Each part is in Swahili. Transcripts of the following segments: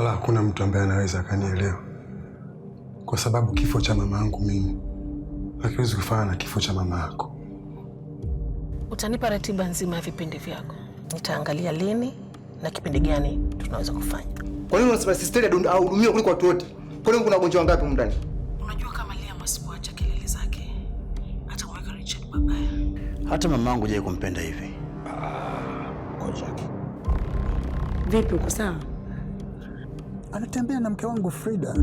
wala hakuna mtu ambaye anaweza akanielewa, kwa sababu kifo cha mama yangu mimi hakiwezi kufana na kifo cha mama yako. Utanipa ratiba nzima ya vipindi vyako, nitaangalia lini na kipindi gani tunaweza kufanya. Kwa nini unasema ahudumiwe kuliko watu wote? Kwa nini kuna wagonjwa wangapi humu ndani? Unajua kama Lia asipoacha kelele zake atamweka Richard babaya. Hata mamangu hajawahi kumpenda hivi. Ah, vipi, uko sawa? anatembea na mke wangu Frida.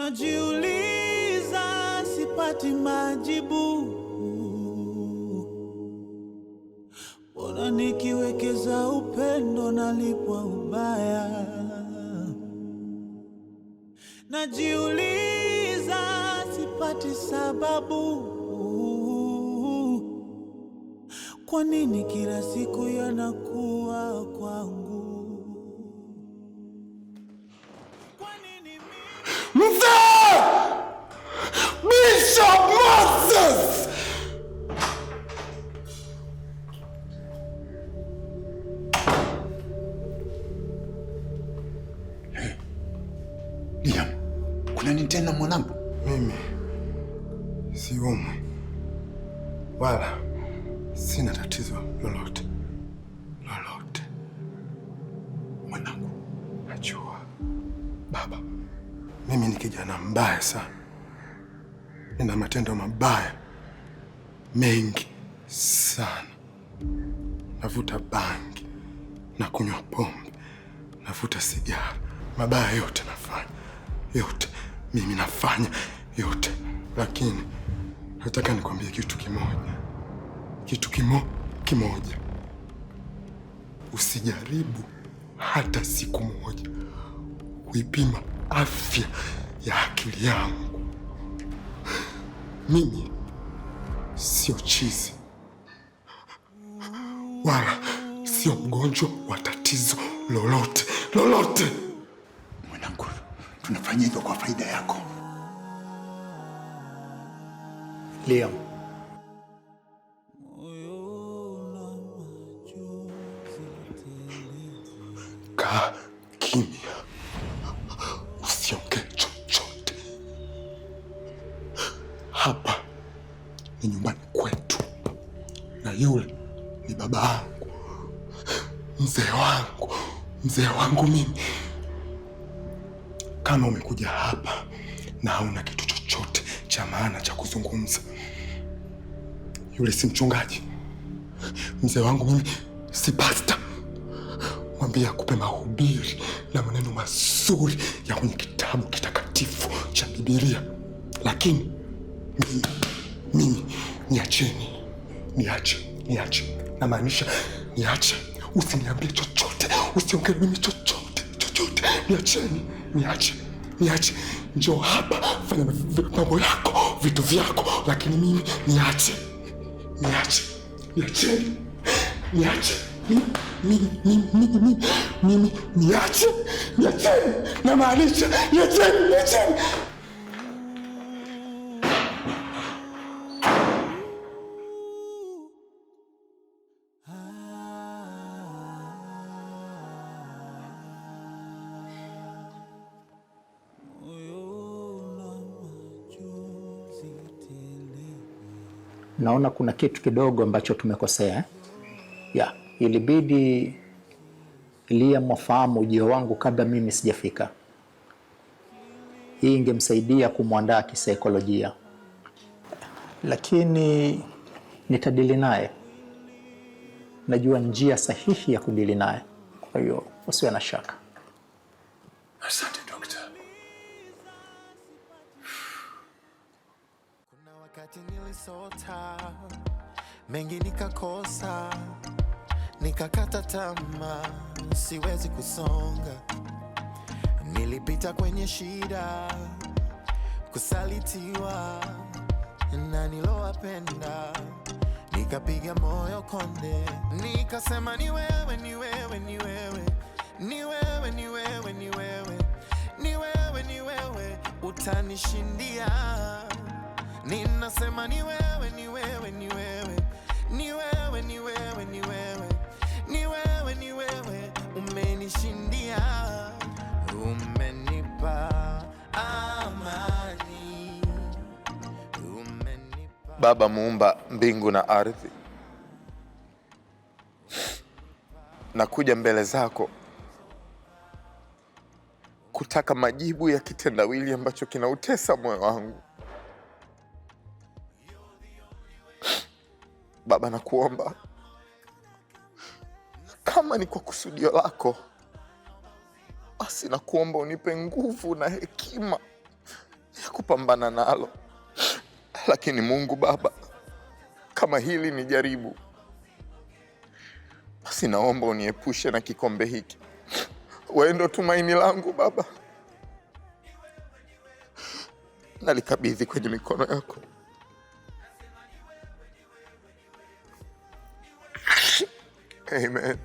najiuliza, sipati majibu. Mbona nikiwekeza upendo nalipwa ubaya? Najiuliza, sipati sababu kwa nini kila siku yanakuwa kwangu? Bishop Moses. Liam, kuna nini tena mwanangu? Mimi siumwi wala sina tatizo lolote lolote, mwanangu. Najua baba, mimi ni kijana mbaya sana nina matendo mabaya mengi sana. Navuta bangi, kunywa pombe, navuta sigara. Mabaya yote nafanya, yote mimi nafanya yote, lakini nataka nikwambie kitu kimoja, kitu kimo, kimoja. Usijaribu hata siku moja kuipima afya ya akili yangu mimi sio chizi wala sio mgonjwa wa tatizo lolote lolote. Mwanangu, tunafanya hivyo kwa faida yako Liam. Mzee wangu mimi, kama umekuja hapa na hauna kitu chochote cha maana cha kuzungumza, yule si mchungaji. Mzee wangu mimi si pasta. Mwambie akupe mahubiri na maneno mazuri ya kwenye kitabu kitakatifu cha Bibilia, lakini mimi mimi niacheni, niache, niache, namaanisha niache, usiniambie chochote usiongee mimi chochote chochote, niacheni, niache, niache, njoo hapa, fanya mambo yako, vitu vyako, lakini mimi niache, niache, niacheni, niache mimi, niache, niacheni, namaanisha niacheni, niacheni naona kuna kitu kidogo ambacho tumekosea. Yeah, ilibidi Liam afahamu ujio wangu kabla mimi sijafika. Hii ingemsaidia kumwandaa kisaikolojia, lakini nitadili naye, najua njia sahihi ya kudili naye, kwa hiyo usiwe na shaka. kama siwezi kusonga, nilipita kwenye shida, kusalitiwa na nilowapenda, nikapiga moyo konde, nikasema ni wewe, ni wewe, ni wewe, ni wewe, ni wewe, ni wewe, ni wewe, ni wewe utanishindia, ninasema ni wewe, ni wewe, ni wewe Baba muumba mbingu na ardhi, nakuja mbele zako kutaka majibu ya kitendawili ambacho kinautesa moyo wangu. Baba, nakuomba kama ni kwa kusudio lako, basi nakuomba unipe nguvu na hekima ya kupambana nalo. Lakini Mungu Baba, kama hili ni jaribu, basi naomba uniepushe na kikombe hiki. Wewe ndo tumaini langu Baba, nalikabidhi kwenye mikono yako. Amen.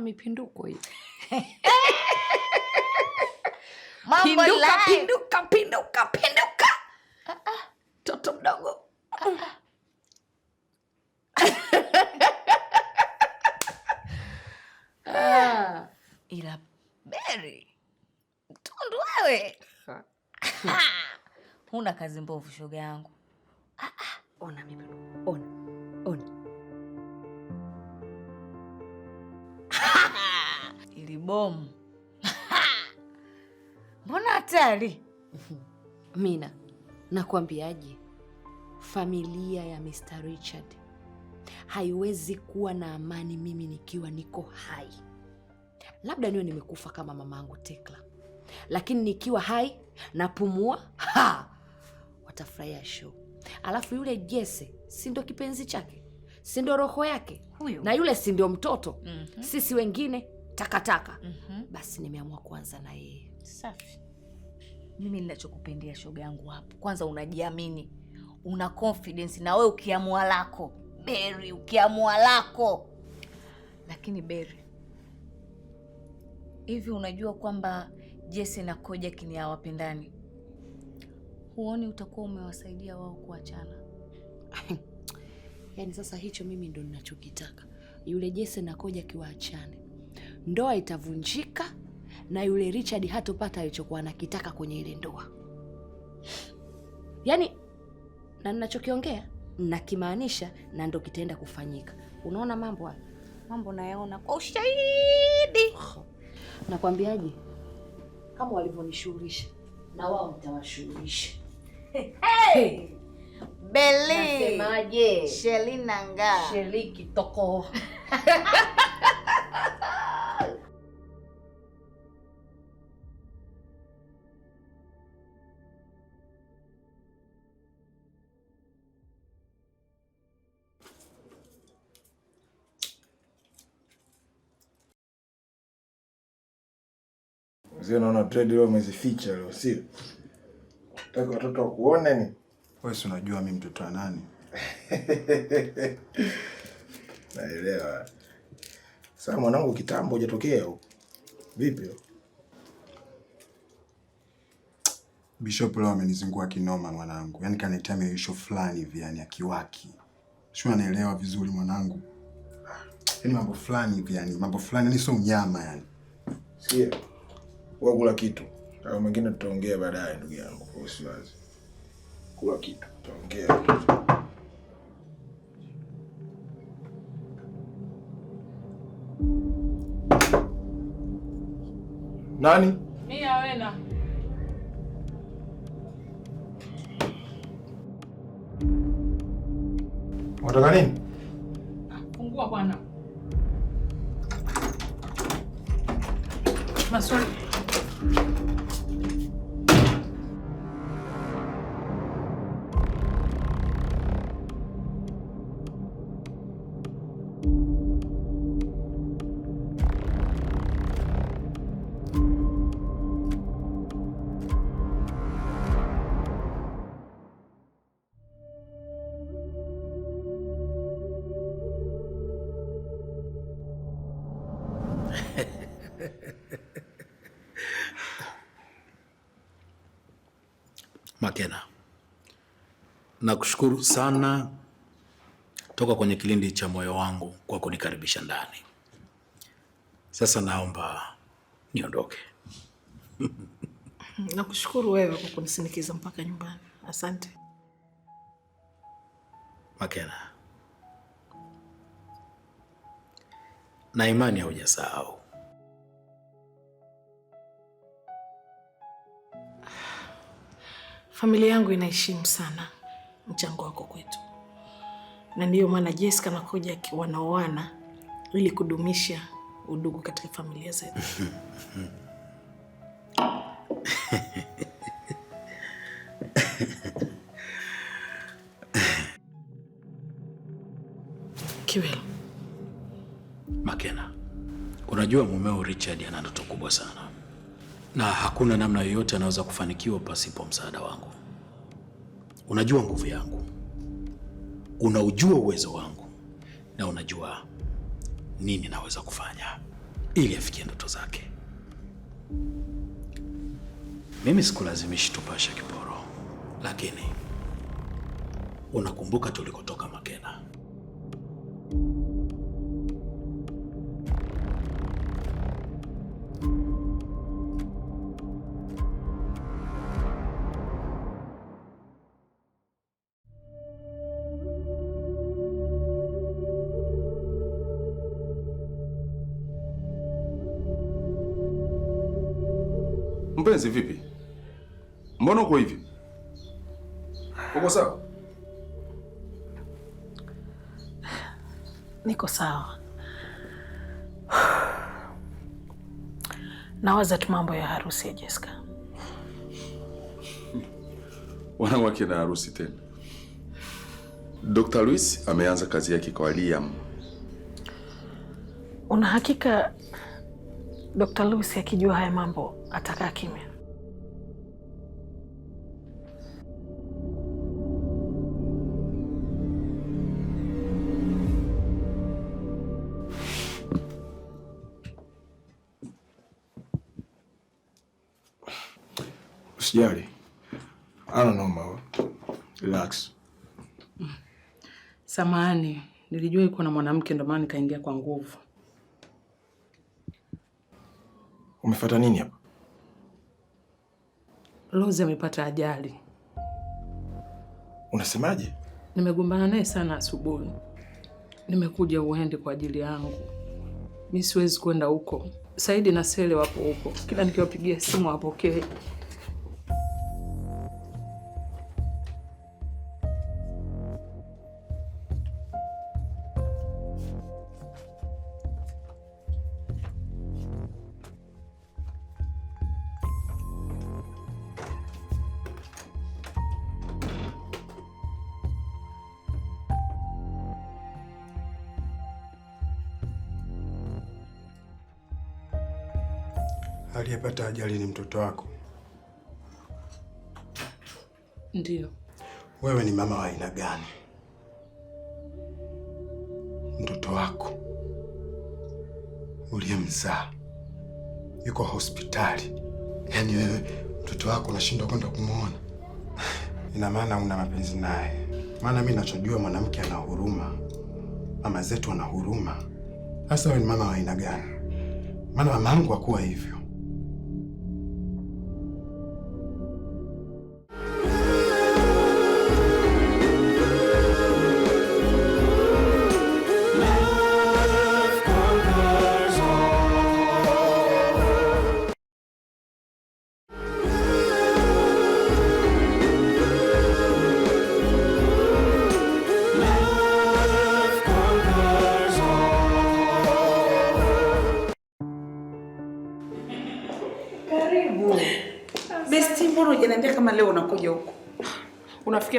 Mbona mipinduko hii? pinduka, pinduka, ah, ah. mtoto pinduka. mdogo. Ah. Ila Beri mtundu wewe huna kazi mbovu, shoga yangu. Ah, mipinduko bomu. Mbona hatari? Mina, nakwambiaje, familia ya Mr. Richard haiwezi kuwa na amani mimi nikiwa niko hai. Labda niwe nimekufa kama mamangu Tekla, lakini nikiwa hai napumua, ha! Watafurahia show. Alafu yule Jesse, si ndo kipenzi chake, si ndo roho yake huyo, na yule si ndio mtoto mm -hmm. Sisi wengine takataka mm -hmm. Basi nimeamua kuanza na yeye. Safi. Mimi ninachokupendea shoga yangu hapo, kwanza unajiamini, una confidence na wewe ukiamua lako Beri, ukiamua lako. Lakini Beri, hivi unajua kwamba Jesse na Kojak ni hawapendani? Huoni utakuwa umewasaidia wao kuachana? Yaani sasa hicho mimi ndo ninachokitaka, yule Jesse na Kojak waachane ndoa itavunjika na yule Richard hatopata alichokuwa anakitaka kwenye ile ndoa. Yaani, na ninachokiongea nakimaanisha, na ndo kitaenda kufanyika. Unaona mambo haya, mambo nayaona kwa ushahidi. Nakwambiaje, kama walivyonishughulisha na wao mtawashughulisha. Hey, hey. Beli, nasemaje? Shelina nga Sheliki toko Zio naona trade leo umezificha leo, sio? Nataka watoto wakuone ni. Wewe si unajua mimi mtoto wa nani? Naelewa. Sasa mwanangu, kitambo hujatokea huko. Vipi Bishop leo amenizingua kinoma mwanangu. Yaani kanitia miisho fulani hivi yani akiwaki. Sio, anaelewa vizuri mwanangu. Yaani mambo fulani hivi yani, mambo fulani ni yaani sio unyama yani. Sio wa kula kitu. Hayo mengine tutaongea baadaye, ndugu yangu, kwa usiwazi. Kula kitu tutaongea. Nani? Mimi Awena. Unataka nini? Ah, fungua bwana. Maswali. Ah, Thank you. Nakushukuru sana toka kwenye kilindi cha moyo wangu kwa kunikaribisha ndani. Sasa naomba niondoke. Nakushukuru wewe kwa kunisindikiza mpaka nyumbani. Asante. Makena. Na imani haujasahau. Familia yangu inaheshimu sana mchango wako kwetu, na ndiyo maana Jessica na Kojak wanaoana ili kudumisha udugu katika familia zetu. Kiwel Makena, unajua mumeo Richard ana ndoto kubwa sana, na hakuna namna yoyote anaweza kufanikiwa pasipo msaada wangu. Unajua nguvu yangu, unaujua uwezo wangu, na unajua nini naweza kufanya ili afikie ndoto zake. Mimi sikulazimishi tupasha kiporo, lakini unakumbuka tulikotoka Makene. Agnes, vipi? Mbona uko hivi? Uko sawa? Niko sawa. Nawaza tu mambo ya harusi ya Jessica. Wanawake na harusi tena. Dr. Luis ameanza kazi yake kwa Liam. Una hakika Dr. Luis akijua haya mambo atakaa kimya? Usijali. I don't know mama. Relax. Samahani, nilijua iko na mwanamke ndio maana nikaingia kwa nguvu. Umefuata nini hapa? Rose amepata ajali. Unasemaje? Nimegombana naye sana asubuhi. Nimekuja uende kwa ajili yangu. Mimi siwezi kwenda huko. Saidi na Sele wapo huko. Kila nikiwapigia simu hawapokei. aliyepata ajali ni mtoto wako? ndio Wewe ni mama wa aina gani? Mtoto wako uliyemzaa yuko hospitali, yaani wewe mtoto wako unashindwa kwenda kumwona? Ina maana una mapenzi naye? Maana mi nachojua mwanamke ana huruma, mama zetu ana huruma. Sasa wewe ni mama wa aina gani? Maana mamangu hakuwa hivyo.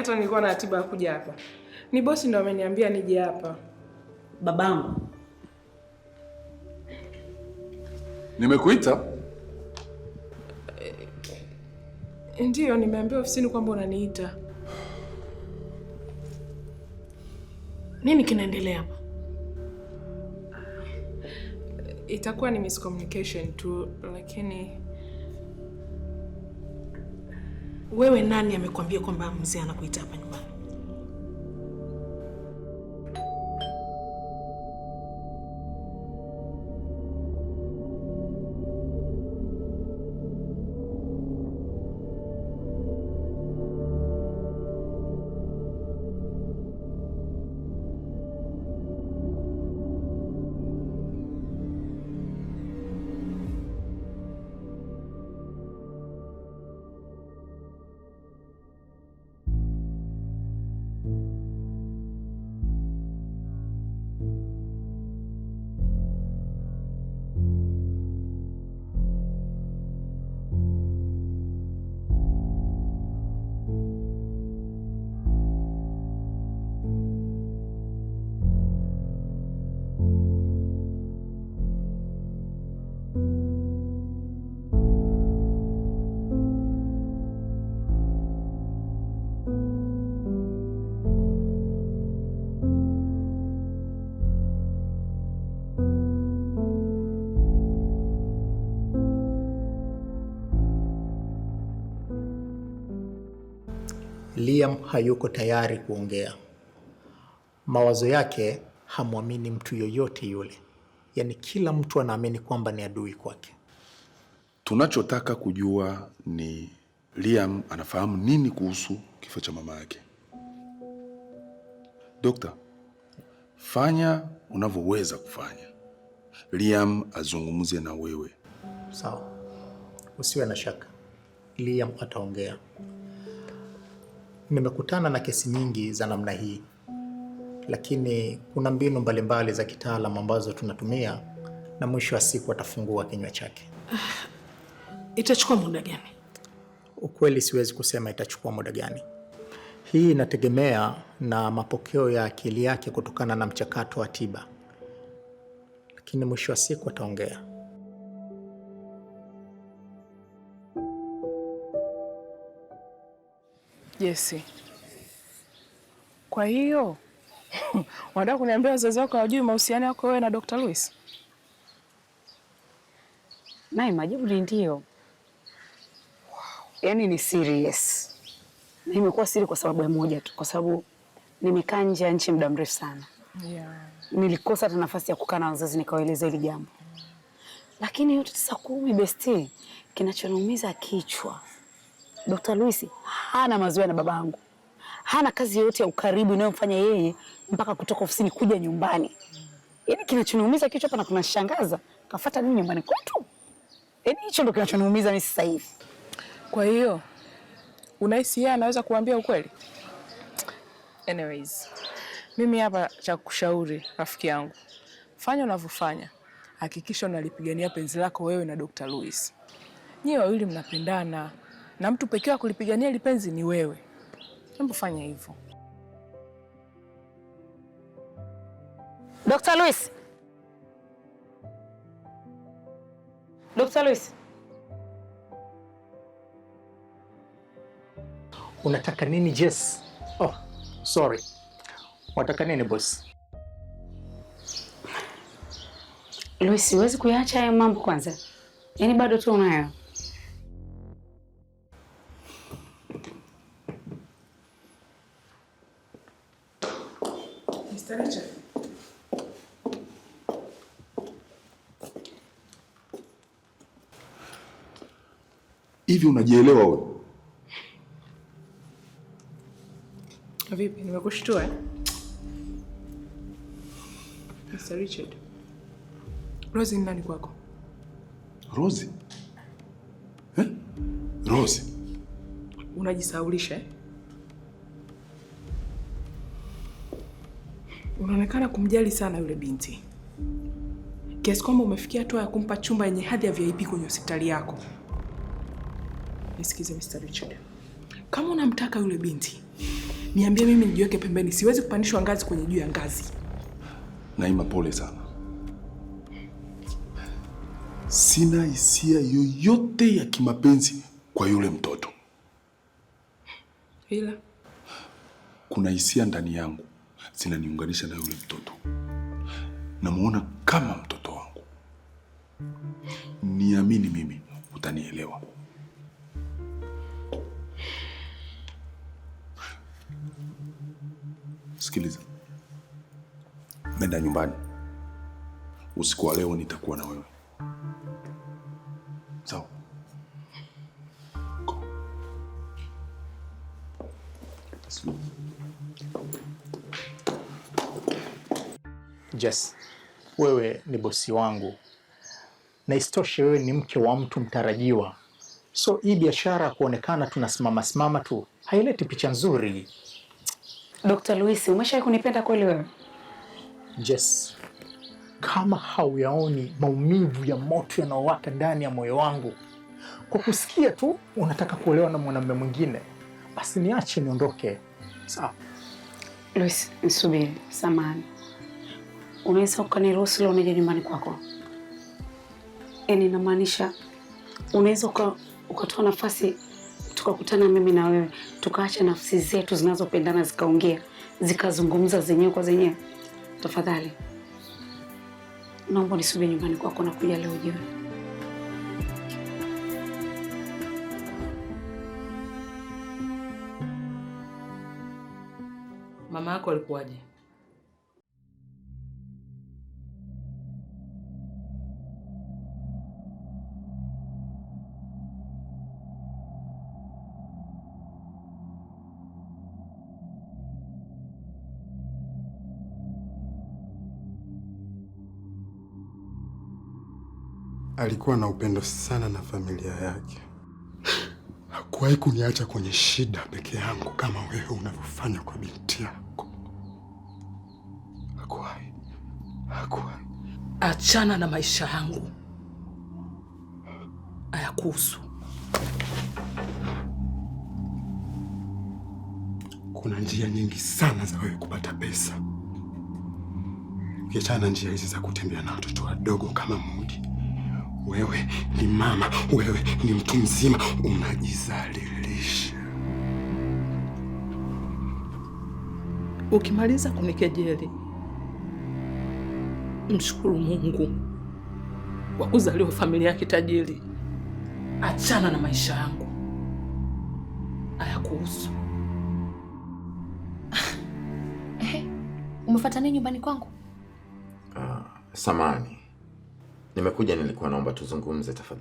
hata nilikuwa na ratiba ya kuja hapa. Ni bosi ndo ameniambia nije hapa. Babangu, nimekuita? Eh, Ndiyo, nimeambiwa ofisini kwamba unaniita. Nini kinaendelea hapa? Itakuwa ni miscommunication tu, lakini wewe nani amekwambia kwamba mzee anakuita hapa nyumbani? William hayuko tayari kuongea. Mawazo yake hamwamini mtu yoyote yule, yaani kila mtu anaamini kwamba ni adui kwake. Tunachotaka kujua ni Liam anafahamu nini kuhusu kifo cha mama yake. Dokta, fanya unavyoweza kufanya, Liam azungumze na wewe. Sawa, usiwe na shaka, Liam ataongea nimekutana na kesi nyingi za namna hii, lakini kuna mbinu mbalimbali za kitaalamu ambazo tunatumia na mwisho wa siku atafungua kinywa chake. Ah, itachukua muda gani? Ukweli siwezi kusema itachukua muda gani. Hii inategemea na mapokeo ya akili yake kutokana na mchakato wa tiba, lakini mwisho wa siku ataongea. Jesse, kwa hiyo wanataka kuniambia wazazi wako hawajui mahusiano yako wewe na Dr. Louis? Naye majibu ni ndio. Wow. Yaani ni serious. Na imekuwa siri kwa sababu ya moja tu, kwa sababu nimekaa nje ya nchi muda mrefu sana. Yeah. Nilikosa hata nafasi ya kukaa na wazazi nikawaeleza hili jambo. Lakini yote tisa kumi, bestie, kinachonumiza kichwa Dr. Luis hana mazoea na babangu, hana kazi yoyote ya ukaribu inayomfanya yeye mpaka kutoka ofisini kuja nyumbani. Yaani kinachoniumiza kichwa hapa na kunashangaza, kafata nini nyumbani kwetu? Yaani hicho ndo kinachoniumiza mimi sasa hivi. Kwa hiyo unahisi yeye anaweza kuambia ukweli? Anyways, mimi hapa cha kushauri rafiki yangu, fanya unavyofanya, hakikisha unalipigania penzi lako wewe na Dr. Luis. Nyiwe wawili mnapendana, na mtu pekee wa kulipigania ile penzi ni wewe. Hebu fanya hivyo. Dr. Luis. Dr. Luis. Unataka nini Jess? Oh, sorry. Unataka nini boss? Luis, huwezi kuyaacha hayo mambo kwanza. Yaani bado tu unayo. Mr. Hivi unajielewa wewe? Vipi, nimekushtua eh? Mr. Richard. Rose ni nani kwako? Rose? Eh? Rose. Unajisaulisha eh? Unaonekana kumjali sana yule binti kiasi kwamba umefikia hatua ya kumpa chumba yenye hadhi ya VIP kwenye hospitali yako. Nisikize Mr. Richard, kama unamtaka yule binti niambie, mimi nijiweke pembeni, siwezi kupandishwa ngazi kwenye juu ya ngazi. Naima, pole sana, sina hisia yoyote ya kimapenzi kwa yule mtoto, ila kuna hisia ndani yangu zinaniunganisha na yule mtoto, namuona kama mtoto wangu. Niamini mimi, utanielewa. Sikiliza, nenda nyumbani. Usiku wa leo nitakuwa na wewe. Sawa? So. Jess, wewe ni bosi wangu na isitoshe wewe ni mke wa mtu mtarajiwa, so hii biashara ya kuonekana tunasimama simama tu haileti picha nzuri. Dr. Luis, umeshawahi kunipenda kweli wewe? Jess, kama hauyaoni maumivu ya moto yanayowaka ndani ya moyo wangu kwa kusikia tu unataka kuolewa na mwanamume mwingine, basi niache niondoke. Sawa Luis, nisubiri. Samahani unaweza ukaniruhusu leo nije nyumbani kwako? Yaani namaanisha unaweza ukatoa nafasi tukakutana mimi na wewe tukaacha nafsi zetu zinazopendana zikaongea zikazungumza zenyewe kwa zenyewe. Tafadhali naomba nisubiri nyumbani kwako na kuja leo jioni. Mama yako alikuwaje? alikuwa na upendo sana na familia yake. Hakuwahi kuniacha kwenye shida peke yangu kama wewe unavyofanya kwa binti yako. Hakuwahi, hakuwahi. Achana na maisha yangu, hayakuhusu. Kuna njia nyingi sana za wewe kupata pesa, ukiachana na njia hizi za kutembea na watoto wadogo kama Mudi. Wewe ni mama, wewe ni mtu mzima, unajizalilisha. Ukimaliza kunikejeli, mshukuru Mungu kwa kuzaliwa familia ya kitajiri. Achana na maisha yangu, hayakuhusu. Umefuata nini nyumbani kwangu? Uh, samani Nimekuja nilikuwa naomba tuzungumze tafadhali.